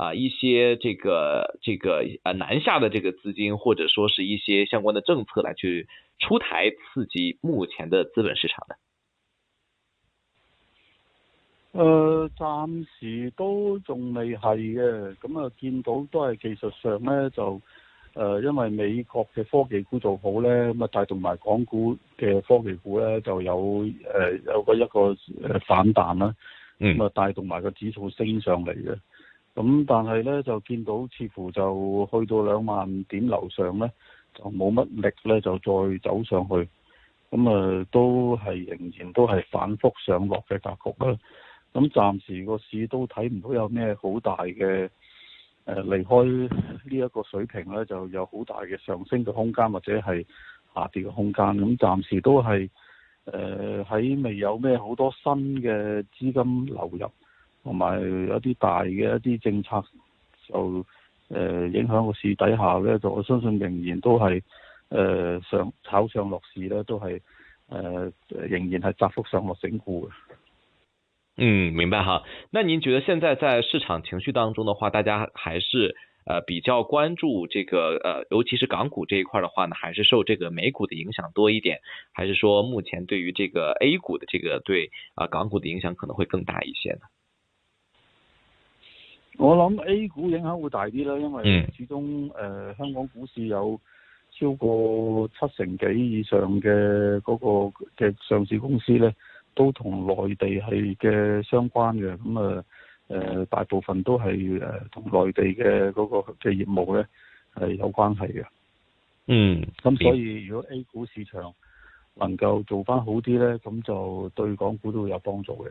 啊，一些這個、這個，呃，南下的這個資金，或者說是一些相關的政策，嚟去出台刺激目前的資本市場咧。誒、呃，暫時都仲未係嘅，咁、嗯、啊，見到都係技術上咧就，誒、呃，因為美國嘅科技股做好咧，咁啊帶動埋港股嘅科技股咧就有誒、呃、有個一個誒反彈啦，咁啊帶動埋個指數升上嚟嘅。嗯咁但係咧，就見到似乎就去到兩萬點樓上咧，就冇乜力咧，就再走上去。咁啊、呃，都係仍然都係反覆上落嘅格局啊。咁暫時個市都睇唔到有咩好大嘅誒、呃、離開呢一個水平咧，就有好大嘅上升嘅空間或者係下跌嘅空間。咁暫時都係誒喺未有咩好多新嘅資金流入。同埋有啲大嘅一啲政策就、呃、影響個市底下咧，就我相信仍然都係誒、呃、上炒上落市咧，都係、呃、仍然係窄幅上落整固嘅。嗯，明白哈。那您覺得現在在市場情緒當中的話，大家還是、呃、比較關注這個、呃、尤其是港股這一塊的話呢，還是受這個美股的影響多一點，還是說目前對於這個 A 股的這個對啊、呃、港股的影響可能會更大一些呢？我諗 A 股影響會大啲啦，因為始終誒、呃、香港股市有超過七成幾以上嘅嗰個嘅上市公司咧，都同內地係嘅相關嘅，咁啊誒大部分都係誒同內地嘅嗰個嘅業務咧係有關係嘅。嗯，咁所以如果 A 股市場能夠做翻好啲咧，咁就對港股都會有幫助嘅。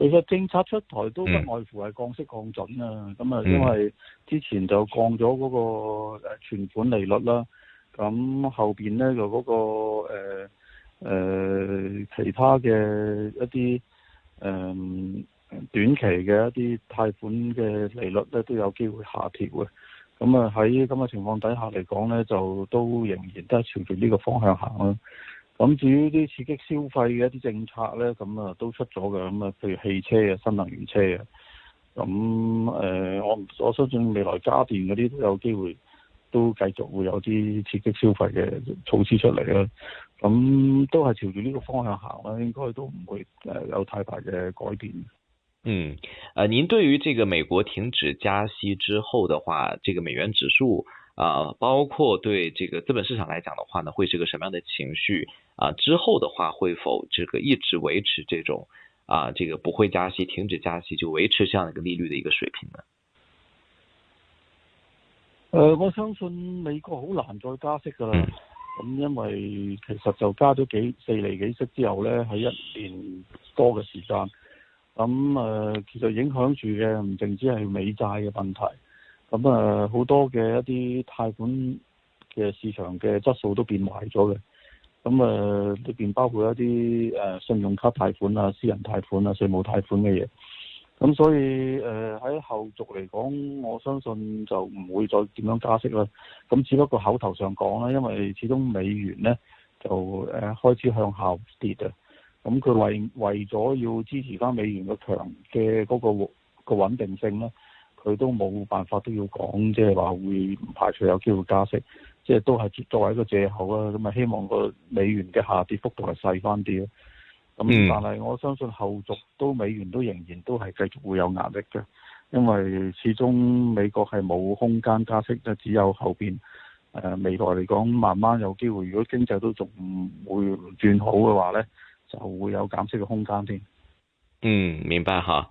其實政策出台都不外乎係降息降準啊，咁、嗯、啊，因為之前就降咗嗰個存款利率啦，咁後面咧就嗰個誒、呃呃、其他嘅一啲誒、呃、短期嘅一啲貸款嘅利率咧都有機會下調嘅，咁啊喺咁嘅情況底下嚟講咧，就都仍然都係朝住呢個方向行咯、啊。咁至於啲刺激消費嘅一啲政策咧，咁啊都出咗嘅，咁啊譬如汽車啊，新能源車啊，咁、嗯、誒，我、呃、我相信未來家電嗰啲都有機會都繼續會有啲刺激消費嘅措施出嚟啦。咁、嗯、都係朝住呢個方向行啦，應該都唔會誒有太大嘅改變。嗯，誒、呃，您對於這個美國停止加息之後的話，這個美元指數？啊，包括對這個資本市場來講的話呢，會是個什麼樣的情緒啊？之後的話會否這個一直維持這種啊，這個不會加息、停止加息就維持這樣一個利率的一個水平呢？誒、呃，我相信美國好難再加息噶啦，咁、嗯嗯、因為其實就加咗幾四厘幾息之後呢，喺一年多嘅時間，咁、嗯、誒、呃，其實影響住嘅唔淨止係美債嘅問題。咁、嗯、啊，好多嘅一啲貸款嘅市場嘅質素都變壞咗嘅。咁、嗯、啊，裏邊包括一啲誒信用卡貸款啊、私人貸款啊、稅務貸款嘅嘢。咁、嗯、所以誒喺、呃、後續嚟講，我相信就唔會再點樣加息啦。咁、嗯、只不過口頭上講啦，因為始終美元咧就誒開始向下跌啊。咁、嗯、佢為為咗要支持返美元嘅強嘅嗰、嗰個、嗰個嗰個穩定性咧。佢都冇辦法，都要講，即係話會唔排除有機會加息，即係都係作為一個藉口啦。咁啊，希望個美元嘅下跌幅度係細翻啲咯。咁、嗯、但係我相信後續都美元都仍然都係繼續會有壓力嘅，因為始終美國係冇空間加息，就只有後邊誒、呃、未來嚟講，慢慢有機會。如果經濟都仲唔會轉好嘅話呢，就會有減息嘅空間添。嗯，明白嚇。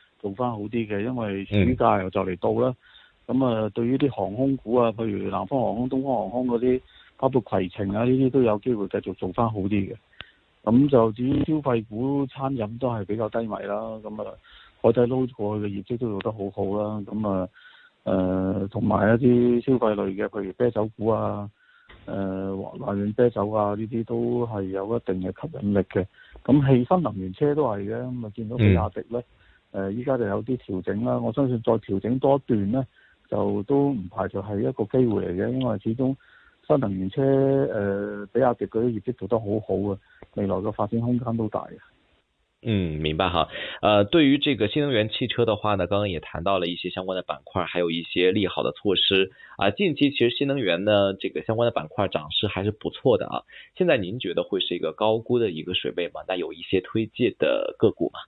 做翻好啲嘅，因為暑假又就嚟到啦，咁、嗯、啊，對於啲航空股啊，譬如南方航空、東方航空嗰啲，包括攜程啊呢啲都有機會繼續做翻好啲嘅。咁就至於消費股，餐飲都係比較低迷啦。咁啊，海底撈過去嘅業績都做得好好啦。咁啊，誒、呃，同埋一啲消費類嘅，譬如啤酒股啊，誒、呃，華潤啤酒啊呢啲都係有一定嘅吸引力嘅。咁氣新能源車都係嘅，咁咪見到個價值咧。嗯誒、呃，依家就有啲調整啦，啊。我相信再調整多段呢，就都唔排除係一個機會嚟嘅。因為始終新能源車誒、呃，比亞迪嗰啲業績做得好好啊，未來嘅發展空間都大，啊。嗯，明白哈。誒、呃，對於這個新能源汽車的話呢，剛剛也談到了一些相關的板塊，還有一些利好的措施啊。近期其實新能源呢，這個相關的板塊漲勢還是不錯的啊。現在您覺得會是一個高估嘅一個水位嗎？但有一些推介嘅個股嘛？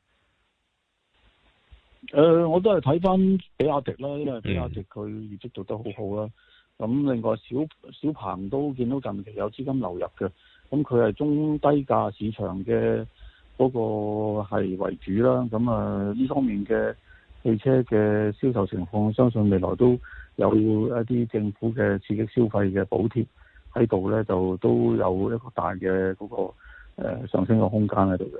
誒、呃，我都係睇翻比亞迪啦，因為比亞迪佢業績做得好好啦。咁、嗯、另外小，小小鵬都見到近期有資金流入嘅，咁佢係中低價市場嘅嗰個係為主啦。咁啊，呢方面嘅汽車嘅銷售情況，相信未來都有一啲政府嘅刺激消費嘅補貼喺度咧，就都有一個大嘅嗰、嗰個、呃、上升嘅空間喺度嘅。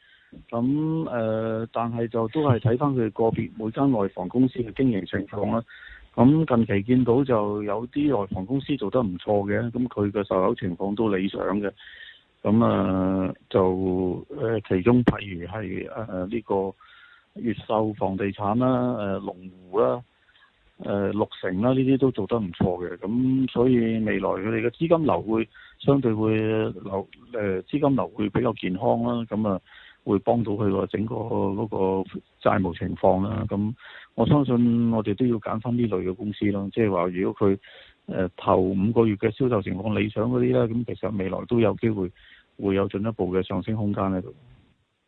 咁誒、呃，但係就都係睇翻佢哋個別每間內房公司嘅經營情況啦、啊。咁近期見到就有啲內房公司做得唔錯嘅，咁佢嘅售樓情況都理想嘅。咁啊、呃，就誒、呃、其中譬如係誒呢個越秀房地產啦、啊、誒、呃、龍湖啦、啊、誒、呃、綠城啦、啊，呢啲都做得唔錯嘅。咁所以未來佢哋嘅資金流會相對會流誒、呃、資金流會比較健康啦。咁啊～會幫到佢個整個嗰個債務情況啦，咁我相信我哋都要揀返呢類嘅公司咯，即係話如果佢誒、呃、頭五個月嘅銷售情況理想嗰啲咧，咁其實未來都有機會會有進一步嘅上升空間喺度。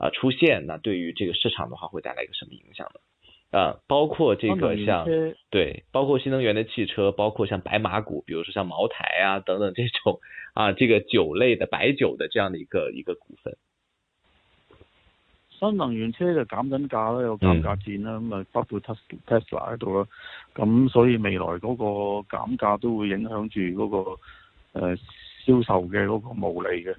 啊，出現那對於這個市場的話，會帶來一個什麼影響呢？啊，包括這個像對，包括新能源的汽車，包括像白馬股，比如說像茅台啊等等這種啊，這個酒類的白酒的這樣的一個一個股份。新能源車就減緊價啦，有減價戰啦，咁、嗯、啊包括 Tesla 喺度啦，咁所以未來嗰個減價都會影響住嗰個誒銷、呃、售嘅嗰個毛利嘅。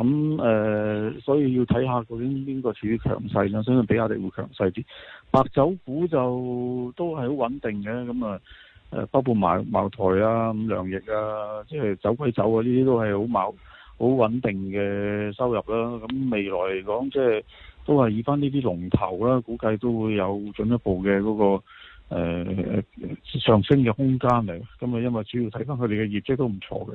咁誒、呃，所以要睇下究竟邊個處於強勢啦，相信比亞迪會強勢啲。白酒股就都係好穩定嘅，咁啊誒，包括茅茅台啊、五糧液啊，即係酒鬼酒啊呢啲都係好矛好穩定嘅收入啦、啊。咁未來嚟講，即、就、係、是、都係以翻呢啲龍頭啦、啊，估計都會有進一步嘅嗰、那個、呃、上升嘅空間嚟。咁啊，因為主要睇翻佢哋嘅業績都唔錯嘅。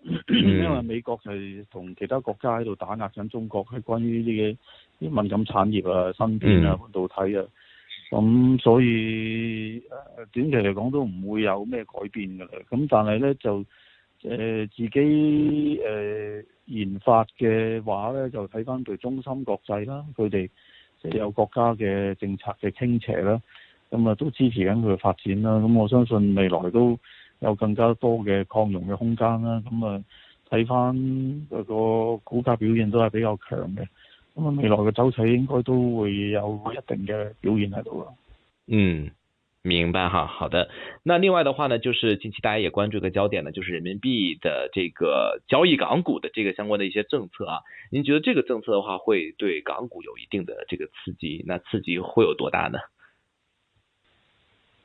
因為美國係同其他國家喺度打壓緊中國，係關於呢啲啲敏感產業啊、芯片啊、半導體啊，咁所以短期嚟講都唔會有咩改變噶啦。咁但係呢，就誒、呃、自己誒、呃、研發嘅話呢，就睇翻佢中芯國際啦，佢哋即係有國家嘅政策嘅傾斜啦，咁啊都支持緊佢嘅發展啦。咁我相信未來都。有更加多嘅擴容嘅空間啦，咁啊睇翻嗰個股價表現都係比較強嘅，咁啊未來嘅走勢應該都會有一定嘅表現喺度咯。嗯，明白哈，好的。那另外的話呢，就是近期大家也關注嘅焦點呢，就是人民幣的這個交易港股的這個相關的一些政策啊，您覺得這個政策的話，會對港股有一定的這個刺激，那刺激會有多大呢？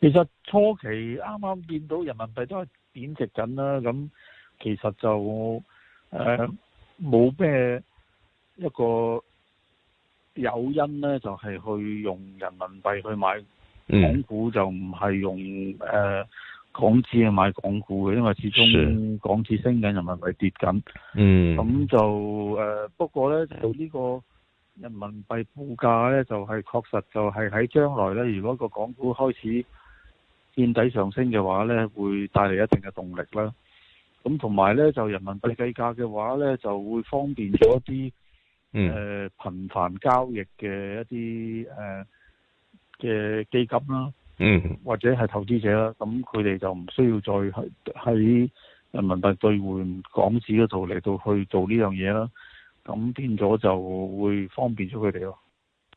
其實初期啱啱見到人民幣都係貶值緊啦，咁其實就誒冇咩一個誘因呢，就係、是、去用人民幣去買港股、嗯、就唔係用誒、呃、港紙去買港股嘅，因為始終港紙升緊，人民幣跌緊。嗯。咁就誒、呃、不過呢，就呢個人民幣報價呢，就係、是、確實就係喺將來呢，如果個港股開始見底上升嘅話咧，會帶嚟一定嘅動力啦。咁同埋咧，就人民幣計價嘅話咧，就會方便咗一啲誒頻繁交易嘅一啲誒嘅基金啦。嗯，或者係投資者啦。咁佢哋就唔需要再喺喺人民幣兌換港紙嗰度嚟到去做呢樣嘢啦。咁變咗就會方便咗佢哋咯。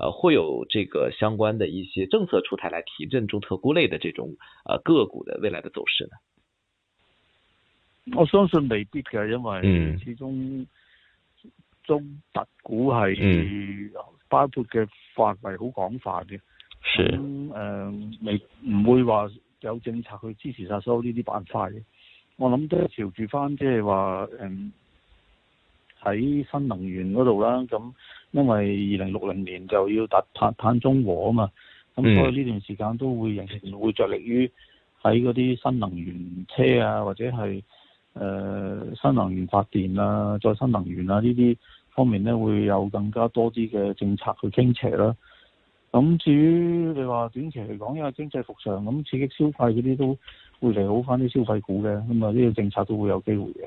呃，會有這個相關的一些政策出台，來提振中特估類的這種呃、啊、個股的未來的走勢呢？我相信未必嘅，因為始終、嗯、中特股估係、嗯、包括嘅範圍好廣泛嘅。咁誒、嗯呃，未唔會話有政策去支持晒所有呢啲板塊嘅。我諗都係朝住翻即係話嗯喺新能源嗰度啦，咁因為二零六零年就要達碳中和啊嘛，咁所以呢段時間都會仍然會着力於喺嗰啲新能源車啊，或者係誒、呃、新能源發電啊、再生能源啊呢啲方面咧，會有更加多啲嘅政策去傾斜啦。咁至於你話短期嚟講，因為經濟復常咁刺激消費嗰啲都會利好翻啲消費股嘅，咁啊呢個政策都會有機會嘅。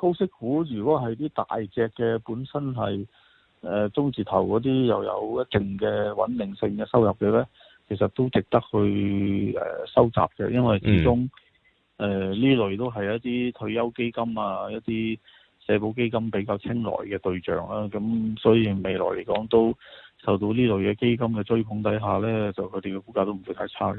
高息股如果係啲大隻嘅，本身係誒、呃、中字頭嗰啲，又有一定嘅穩定性嘅收入嘅呢，其實都值得去、呃、收集嘅，因為始終、呃、呢類都係一啲退休基金啊、一啲社保基金比較青睞嘅對象啦、啊。咁所以未來嚟講，都受到呢類嘅基金嘅追捧底下呢，就佢哋嘅股價都唔會太差嘅。